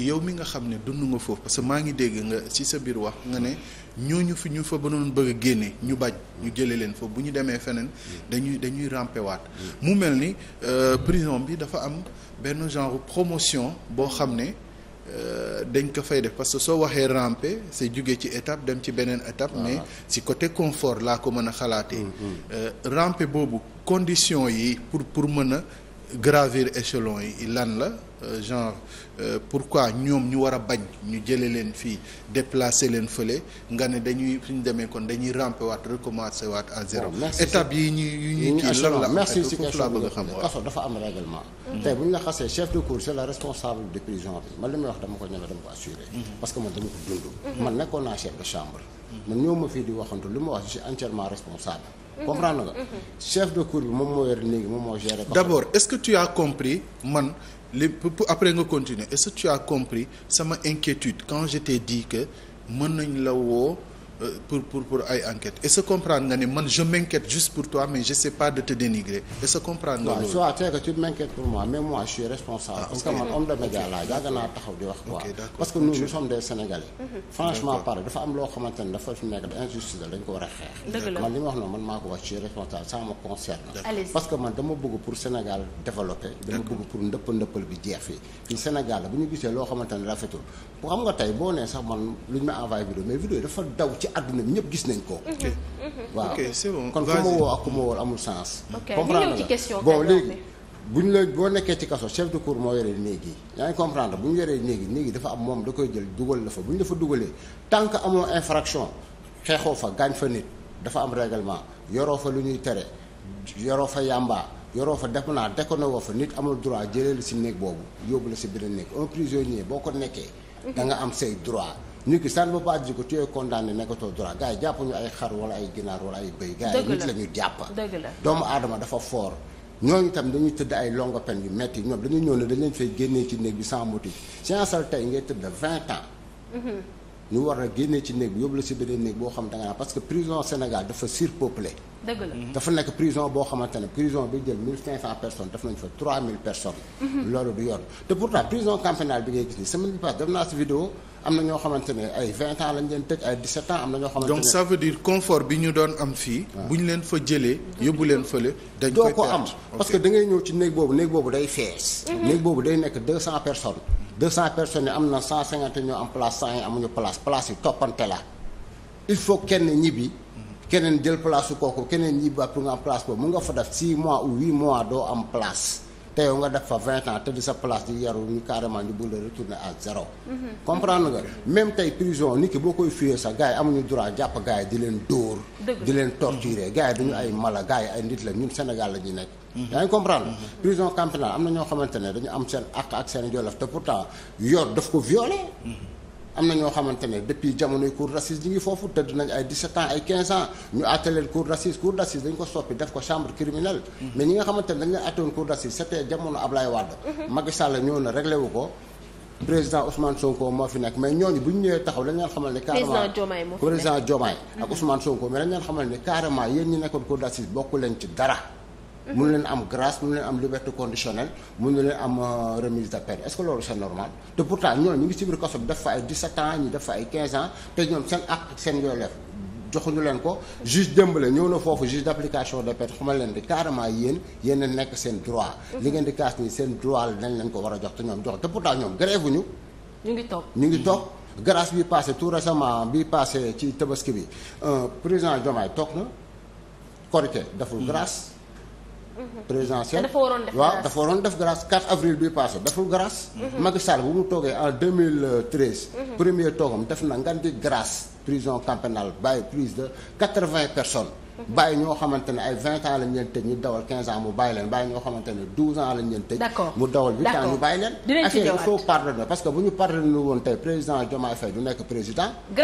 yow mi nga xam ne dund nga foofu parce que maa ngi dégg nga ci sa biir wax nga ne ñooñu fi ñu fa ba doon bëgg a génne ñu bañ ñu jëlee leen foofu bu ñu demee feneen dañuy dañuy rampewaat mu mel ni euh, prison bi dafa am benn genre promotion boo xam ne euh, dañ ko fay def parce que soo waxee ramper sa jóge ci étape dem ci beneen étape mais si côté confort laa ko mën a xalaatee mm-hmm. euh, ramper boobu condition yi pour pour mën gravir échelon yi lan la euh, genre euh, pourquoi ñoom ñu war a bañ ñu jëlee leen fii déplacer leen fële nga ne dañuy suñ demee kon dañuy ramper waat recommencer waat à étape yi ñu yi ñuy kii lan la merci si question bi nga xam kaso dafa am règlement. Mm-hmm. tey bu ñu la xasee chef de cour c'est la responsable de prison bi man li may wax dama ko ñeme dama ko assurer. Mm-hmm. parce que man dama ko dund. Mm-hmm. man nekkoon naa chef de chambre. man ñëw fii di waxantu lu ma wax je suis comprendre nga. Mhm. chef de cour bi moom moo yor léegi moom moo géré. d' abord est que tu as compris man li pour après nga continuer est ce que tu as compris sama inquiétude quand je t' ai dit mën nañ la woo. Euh, pour pour ay enquête est ce comprendre nga ne man je m'inquiète juste pour toi mais je sais pas de te dénigrer est ce comprendre nga loolu soit c'est que tu pour moi mais je suis responsable ah, de média laa yàgg naa taxaw di wax mhm. man li ma wax noonu man maa je suis responsable ça parce que man dama bëgg pour Sénégal développé dama bëgg pour ndëpp ndëppal bi jeex fii fii Sénégal bu ñu gisee loo xamante rafetul bu xam nga tey boo nee sax man lu ñu ma envoyé àdduna bi ñëpp gis nañ ko. Mhm, mhm. waaw kon ku ma woo ak ku ma woo amul sens. comprendre la bon léegi bu ñu la boo nekkee ci kaso chef de cour moo yore néeg yi yaa ngi comprendre bu ñu yore néeg yi néeg yi dafa am moom da koy jël dugal la fa bu ñu dafa dugalee tant que amoo infraction xeexoo fa gaañ fa nit dafa am règlement yoroo fa lu ñuy tere yoroo fa yàmbaa yoroo fa def naa déconné woo fa nit amul droit jëlee la si néeg boobu yóbbu la si beneen néeg un prisonnier boo ko nekkee mhm. da nga am say droit nit ki ça ne veut pas dire que tu es nekkatoo droit gars yi jàpp ñu ay xar wala ay ginaar wala ay bëy gars yi nit la ñu doomu aadama dafa fort ñooñu tam dañuy tëdd ay longue peine yu metti ñoom dañuy ñëw ne dañ leen fay génnee ci néeg bi sans motif sciencal tey ngay tëdd vingt ans mhm. ñu war a génnee ci néeg bi yóbbu la si beneen néeg boo xam da nga parce que prison Sénégal dafa surpeuplé dafa nekk prison boo xamante ne prison bi jël mille cinq cent personnes def nañ fa trois mille personnes mhm. loolu du yoon te pourtant prison campénale am na ñoo xamante ne ay 20 ans lañ leen tëj ay 17 ans am na ñoo xamante ne donc ça veut dire confort bi ñu doon am fii. Ah. bu ñu leen fa jëlee yóbbu leen fële. dañ koy doo ko am parce que da ngay ñëw ci néeg boobu néeg boobu day fees. Mhm. néeg boobu day nekk 200 personnes. 200 personnes yi am na cent 150 ñoo am place 100 yi amuñu place place yi toppante la il faut kenn ñibbi. keneen jël place su kooku keneen ñibbi ba pour nga am place nga fa def 6 mois ou mois doo am place. te nga def fa vingt ans te di sa place di yaru ñu carrément ñu bëgg la retourner à zéro comprendre nga même tey prison nit ki boo koy fuyee sax gars yi amuñu droit jàpp gars yi di leen dóor di leen torturer gars yi duñu ay mala gars ay nit la ñun Sénégal la ñuy nekk mhm. yaa ngi comprendre mhm. prison camp am na ñoo xamante ne dañu am seen àq ak seen jolof te pourtant yor daf ko violer mhm. am na ñoo xamante ne depuis jamonoy cour d'assises ñi ngi foofu tëdd nañ ay 17 ans ay 15 ans ñu àtte leen cour d'assises cour dañ ko soppi def ko chambre criminelle mais ñi nga xamante dañ leen àtte woon cour d'assises jamono Ablaye Wade Macky Sall ñëw na réglé wu ko président Ousmane Sonko moo fi nekk mais ñooñu bu ñu ñëwee taxaw dañ leen xamal ne carrément président Diomaye mhm. ak Ousmane Sonko mais dañ leen xamal ne carrément yéen Mm-hmm. mënu leen am grâce mënu leen am liberté conditionnelle mënu leen am euh, remise de peine est-ce que loolu c'est normal te pourtant ñooñu ñu ngi ci biir kaso bi def ay 17 ans ñu def fa ay 15 ans te ñoom seen ak seen yooleef leen ko juge dëmbale ñëw na foofu juge d'application de peine xamal leen di carrément yéen yéen nekk seen droit mm-hmm. li ngeen di kaas nii seen droit la dañ leen ko war a jox te ñoom jox te pourtant ñoom grève ñu ñu ngi toog ñu ngi toog grâce bi passé tout récemment bi passé ci tabaski bi président Diomaye toog na Korité deful mm-hmm. grâce Mhm. présidentielle dafa waroon def waaw dafa waroon def grâce 4 avril bi passé deful grâce. Mhm. Macky Sall bu mu toogee en 2013. Mhm. premier toogam def na ngan di grâce prison camp pénal bàyyi plus de 80 personnes. bàyyi ñoo xamante ne ay 20 ans lañ leen tëj ñu dawal 15 ans mu bàyyi leen bàyyi ñoo xamante ne 12 ans lañ leen tëj. mu dawal 8 ñu bàyyi leen. dinañ ci ñëwaat il faut pardonner parce que bu ñu pardonner woon tey président Diomaye Faye du nekk président.